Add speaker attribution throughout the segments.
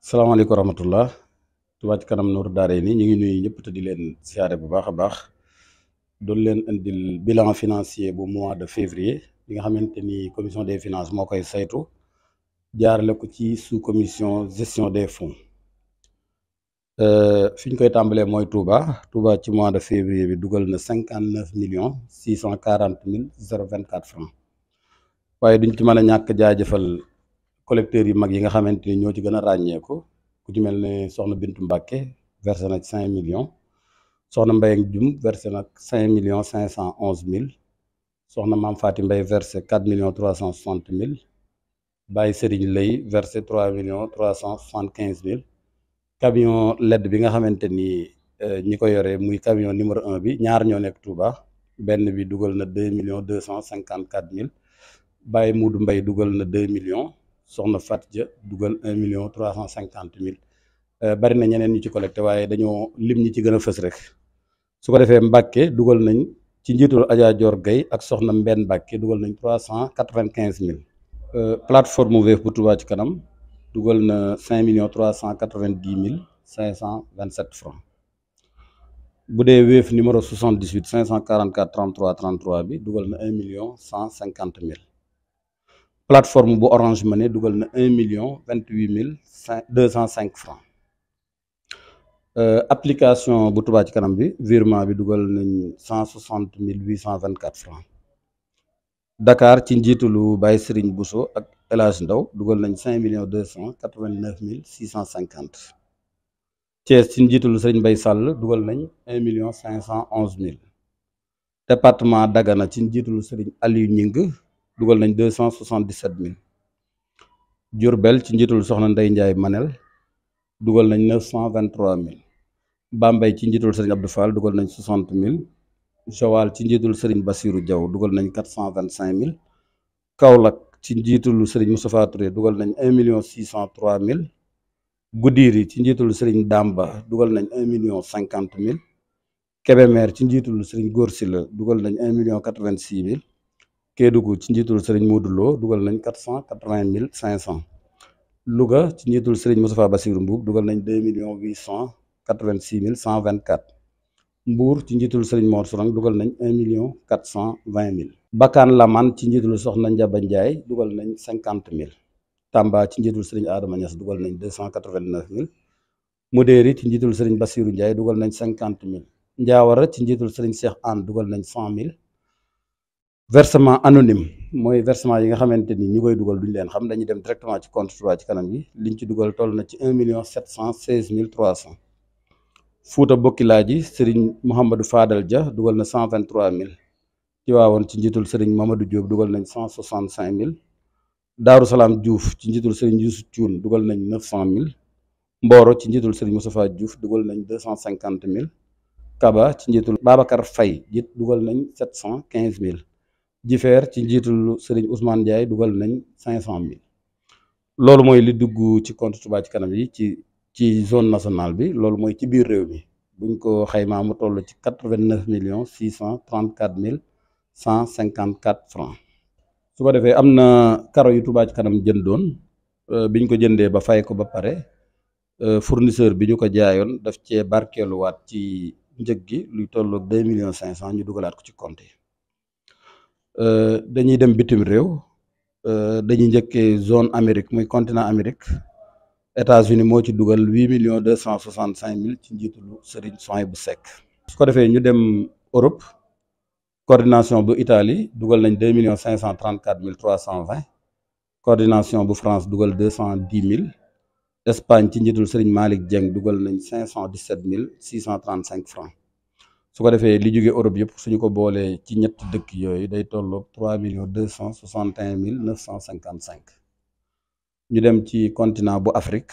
Speaker 1: salaamaaleykum wa rahmatullah Touba Ca Kanam Nourou Darayni ñu ngi nuyu ñëpp te di leen siyaare bu baax a baax doon leen indil bilan financier bu mois de février bi nga xamante ni commission des finances moo koy saytu jaarale ko ci sous commission gestion des fonds euh, fi ñu koy tàmbalee mooy Touba Touba ci mois de février bi dugal na cinquante neuf millions six cent quarante mille zéro vingt quatre francs waaye duñ ci mën a ñàkk jaajëfal collecteurs yu mag yi nga xamante ni ñoo ci gën a ràññeeku ku ci mel ne soxna Bintu Mbàkke verse na ci cinq millions soxna Mbayang Jum versé na cinq millions cinq cent onze mille soxna Maam Faati Mbay versé quatre millions trois cent soixante mille Baye Serigne Lay versé trois millions trois cent soixante quinze mille camion ledd bi nga xamante ni euh, ñi ko yore muy camion numéro un bi ñaar ñoo nekk Touba benn bi dugal na deux millions deux cent cinquante quatre mille bàyyi Muudu Mbay dugal na deux millions soxna Fatou ja dugal un million trois cent cinquante mille euh, barina ñeneen ñu ci collecté waaye dañoo lim ñi ci gën a fës rek su ko defee Mbàkke dugal nañ ci njiitul Adja Dior ak soxna Mbène Mbàkke dugal nañ trois cent quatre vingt quinze mille euh, plateforme Wave bu Touba ci kanam dugal na cinq million trois cent quatre vingt dix mille cinq cent vingt sept francs bu dee Wave numéro soixante dix huit cinq cent quarante quatre trente trois trente trois bi dugal na un million cent cinquante mille plateforme bu Orange ne dugal na un million vingt huit mille cinq deux cent cinq francs euh, application bu Touba ci kanam bi virement bi dugal nañ cent soixante mille huit cent vingt quatre francs dakaar ci njiitalu bay Serigne Bousso ak El Hadj Ndaw dugal nañ cinq million deux cent quatre vingt neuf mille six cent cinquante Thiès ci njiitalu Serigne Baye Sall dugal nañ un million cinq cent onze mille département Dagana ci njiitalu Serigne Aliou Nying dugal nañ deux cent soixante-dix-sept mille Diourbel ci njiitul soxna Ndey Njaay Manel dugal nañ neuf cent vingt-trois mille Bambey ci njiitul Serigne Abdou Fall dugal nañ soixante mille Joal ci njiitul Serigne Bassirou Diaw dugal nañ quatre cent vingt-cinq mille Kaolack ci njiitul Serigne Moustapha Touré dugal nañ un million six cent trois mille Goudiri ci njiitul Serigne Damba dugal nañ un million cinquante mille Kébémer ci njiitul Serigne Góor Silla dugal nañ un million quatre-vingt-six mille Kédougou ci njiitul sëriñ Modou Lo dugal nañ quatre cent quatre vingt mille cinq cent Louga ci njiitul sëriñ Moustapha Bassirou Mbuub dugal nañ deux millions huit cent quatre vingt six mille cent vingt quatre Mbour ci njiitul sëriñ Mor Sourang dugal nañ un million quatre cent vingt mille Bakkan Laman ci njiitul Soxna Njaba Njaay dugal nañ cinquante mille Tamba ci njiitul sëriñ Adama Niass dugal nañ deux cent quatre vingt neuf mille Modéri ci njiitul sëriñ Bassirou dugal nañ cinquante mille Ndiawara ci njiitul sëriñ Cheikh Anne dugal nañ cent mille versement anonyme mooy versement yi nga xamante ni ñu koy dugal duñ leen xam dañuy dem directement ci compte Touba ci kanam yi liñ ci dugal toll na ci un million sept cent seize mille trois cent Fouta Bokkilaa ji Serigne Mouhamadou Fadal ja dugal na cent vingt trois mille ci waawoon ci njiitul Serigne Mamadou Diop dugal nañ cent soixante cinq mille Daaru Salaam Diouf ci njiitul Serigne Youssou Thioune dugal nañ neuf cent mille Mboro ci njiitul Serigne Moustapha Diouf dugal nañ deux cent cinquante mille Kaba ci njiitul Babacar fay ji dugal nañ sept cent quinze mille jifeer ci njiitul sëriñ Ousmane Ndiaye dugal nañ cinq cent mille loolu mooy li dugg ci compte tubaat ci kanam yi ci ci zone nationale bi loolu mooy ci biir réew mi buñ ko xaymaa mu toll ci quatre-vingt-neuf million six cent trente-quatre mille cent cinquante-quatre francs su ko defee am na karo yu Touba ci kanam jëndoon euh, biñ ko jëndee ba fay ko ba pare euh, fournisseur bi ñu ko jaayoon daf cee barkeeluwaat ci njëg gi luy tollu deux millions cinq cent ñu dugalaat ci compte yi Euh, dañuy dem bitim réew euh, dañuy njëkkee zone Amérique muy continent Amérique États-Unis moo ci dugal huit millions deux cent soixante cinq mille ci njiitalu Serigne Souhaïbou Seck su ko defee ñu dem Europe coordination bu Italie dugal nañ deux million cinq cent trente quatre mille trois cent vingt bu France dugal deux cent dix mille Espagne ci njiitul Serigne Malick Dieng dugal nañ cinq cent dix sept mille six cent trente cinq francs su ko defee li jóge Europe yëpp suñu ko boolee ci ñetti dëkk yooyu day tolloog trois millions deux cent soixante et un mille neuf cent cinquante cinq ñu dem ci continent bu Afrique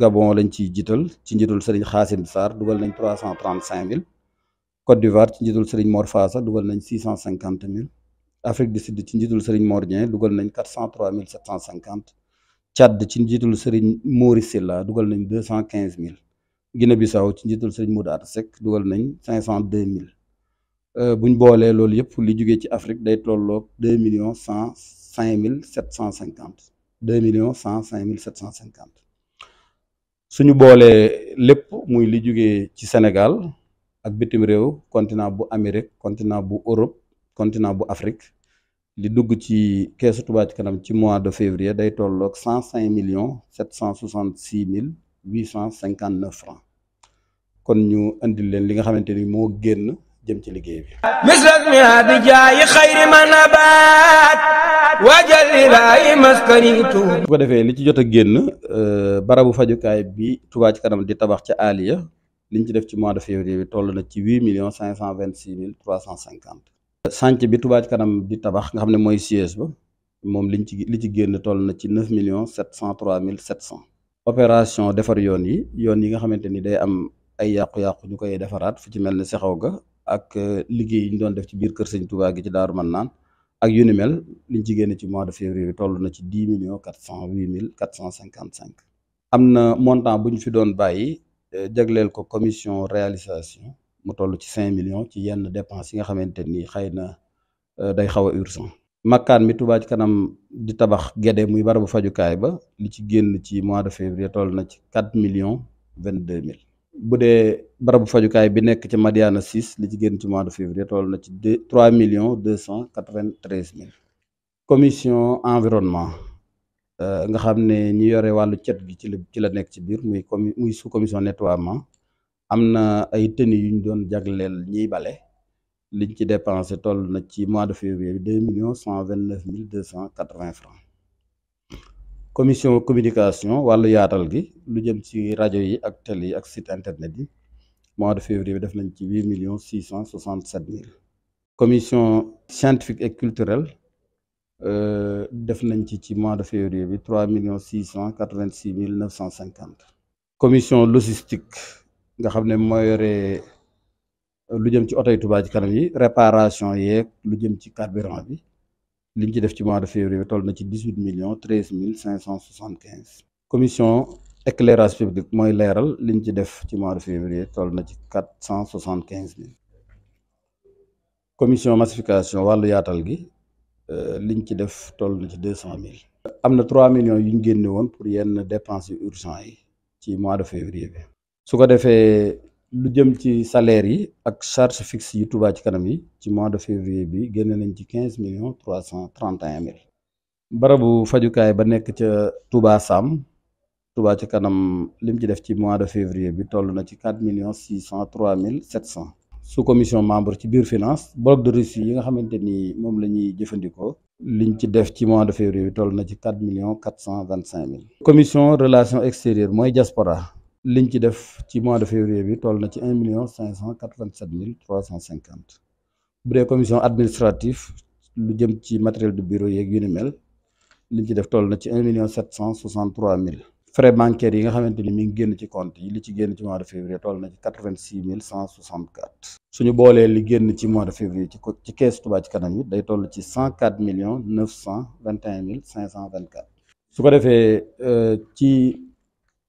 Speaker 1: Gabon lañ ciy jiital ci njiitul Serigne Xaasim Sarr dugal nañ trois cent trente cinq mille Côte d'Ivoire ci njiitul seriñ Mor Fassa dugal nañ six cent cinquante mille Afrique du Sud ci njiitul Serigne Mor Dieng dugal nañ quatre cent mille sept cent cinquante Tchad ci njiitul Serigne Mori Silla dugal nañ deux cent quinze mille. Guinée Bissau ci njiital sëriñ mu Atta Seck dugal nañ cinq cent deux mille euh, buñ boolee loolu yëpp li jógee ci Afrique day tolloog deux millions cent cinq mille sept cent cinquante deux millions cent cinq mille sept cent cinquante suñu boolee lépp muy li jugee ci Sénégal ak bitim réew continent bu Amérique continent bu Europe continent bu Afrique li dugg ci keesu Touba kanam ci mois de février day tolloog cent cinq million sept cent soixante six mille huit cent cinquante neuf francs kon ñu indi leen li nga xamante ni moo génn jëm ci liggéey bi
Speaker 2: misrak mi bi jaayi xayri manabaat wajalilaayi maskanitu bu
Speaker 1: ko defee li ci jot a génn euh, barabu fajukaay bi Touba ci kanam di tabax ca Aliya liñ ci def ci mois de février bi toll na ci huit millions cinq cent vingt six mille trois cent cinquante sànc bi Touba ci kanam di tabax nga xam ne mooy siège ba moom liñ ci li ci génn toll na ci neuf million sept cent trois mille sept cent opération defar yoon yi yoon yi nga xamante ni day am ay yàqu-yàqu ñu koy defaraat fu ci mel ne sexaw ga ak euh, liggéey yi ñu doon def ci biir kër sëñ Touba gi ci Daaru Mannaan ak yu ni mel liñ ci génne ci mois de février bi toll na ci dix millions quatre cent huit mille quatre cent cinquante am na montant bu ñu fi doon bàyyi euh, jagleel ko commission réalisation mu toll ci cinq millions ci yenn dépense yi nga xamante ni xëy na euh, day xaw a urgent makkaan mi Touba kanam di tabax gede muy barabu fajukaay ba li ci génn ci mois de février toll na ci quatre millions vingt deux mille bu dee barabu fajukaay bi nekk ci Madiana 6 li ci génn ci mois de février toll na ci deux trois millions deux cent quatre-vingt-treize mille commission environnement euh, nga xam ne ñi yore wàllu cet gi ci la ci la nekk ci biir muy commu muy sous commission nettoiement am na ay tenues yu ñu doon jagleel ñiy bale li ci dépensé toll na ci mois de février millions cent vingt-neuf mille cent quatre-vingts francs commission communication wàllu yaatal gi lu jëm ci rajo yi ak télé yi ak site internet yi mois de février bi def nañ ci huit millions six cent soixante sept mille commission scientifique et culturelle euh, def nañ ci ci mois de février bi trois million six cent quatre vingt six mille neuf cent cinquante commission logistique nga xam ne moo yore euh, lu jëm ci oto yi Touba Kanam yi réparation yeeg lu jëm ci carburant bi liñ ci def ci mois de février toll na ci dix huit millions treize mille cinq cent soixante quinze. commission éclairage public mooy leeral liñ ci def ci mois de février toll na ci quatre cent soixante quinze mille. commission massification wàllu yaatal gi euh, liñ ci def toll na ci deux cent mille. am na trois millions yu ñu génne woon pour yenn dépenses yu urgent yi ci mois de février bi. su ko defee. lu jëm ci salaire yi ak charge fixe yi tubaa ci kanam yi ci mois de février bi génne nañ ci quinze millions trois cent trente et un mille barabu fajukaay ba nekk ca Touba Sam Touba ci kanam lim ci def ci mois de février bi toll na ci quatre millions six cent trois mille sept cent sous commission membre ci biir finance bloc de reçu yi nga xamante ni moom la ñuy jëfandikoo liñ ci def ci mois de février bi toll na ci million millions cent vingt cinq mille commission relation extérieure mooy diaspora liñ ci def ci mois de février bi toll na ci un million cinq cent quatre-vingt-sept mille trois cent cinquante bu dee commission administrative lu jëm ci matériel de bureau yeeg yu ni mel liñ ci def toll na ci un million sept cent soixante-trois mille frais bancaires yi nga xamante ni mi ngi génn ci compte yi li ci génn ci mois de février toll na ci quatre-vingt-six mille cent soixante-quatre suñu boolee li génn ci mois de février ci ci ci kanam yi et un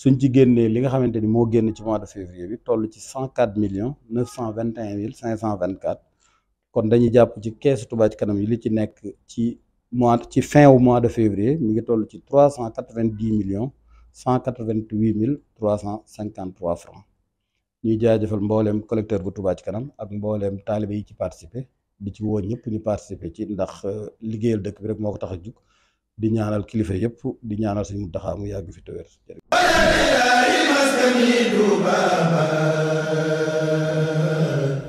Speaker 1: suñ ci génnee li nga xamante ni moo génn ci mois de février bi toll ci cent quatre millions neuf cent vingt et un mille cinq cent vingt kon dañuy jàpp ci keesu Touba Kanam yi li ci nekk ci mois ci fin wu mois de février mi ngi toll ci trois cent quatre vingt dix millions cent huit mille trois cent cinquante trois francs ñuy jaajëfal mbooleem collecteur bu tubaaj Kanam ak mbooleem taalibe yi ci participer di ci woo ñëpp ñu participer ci ndax euh, liggéeyal dëkk bi rek moo ko tax a jug di ñaanal kilifa yëpp di ñaanal suñu mu taxaa mu yàgg fi te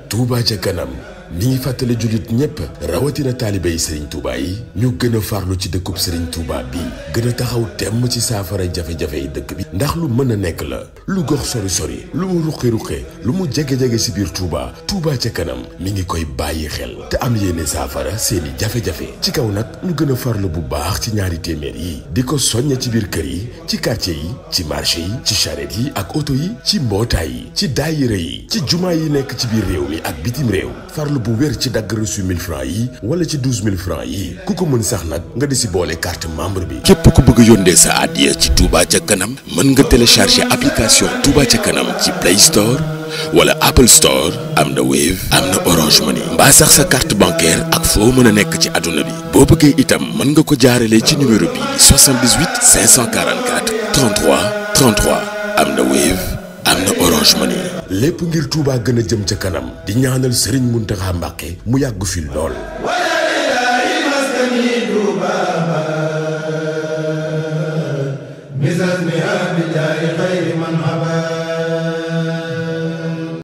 Speaker 2: Touba ca kanam mi ngi fàttale jullit ñépp rawatina taalibé yi Serigne Touba yi ñu gën a farlu ci dëkkub Serigne Touba bi gën a taxaw temm ci saafara jafe-jafe yi dëkk bi ndax lu mën a nekk la lu gox sori sori lu mu ruqi-ruqe lu mu jege-jege si biir Touba Touba ca kanam mi ngi koy bàyyi xel te am yéene saafara seeni jafe-jafe ci kaw nag ñu gën a farlu bu baax ci ñaari téeméer yi di ko soñña ci biir kër yi ci quartier yi ci marché yi ci charrette yi ak oto yi ci mbootaay yi ci daayira yi ci jumaa yi nekk ci biir réew mi ak bitim réew bu wér ci dagg reçu 1000 francs yi wala ci 12000 francs yi ku ko mën sax nag nga di si boole carte membre bi. képp ku bëgg a yónnee sa adiya ci Touba ca kanam mën nga télécharger application Touba ca kanam ci Play wala Apple Store am na Wave am na Orange Money sax sa carte bancaire ak foo mën a nekk ci àdduna bi boo bëggee itam mën nga ko jaaralee ci numéro bi 78 544 33 33 am na Wave. Orange lépp ngir tuubaa gën a jëm ca kanam di ñaanal Serigne Mountakha Mbacké mu yàgg fi lool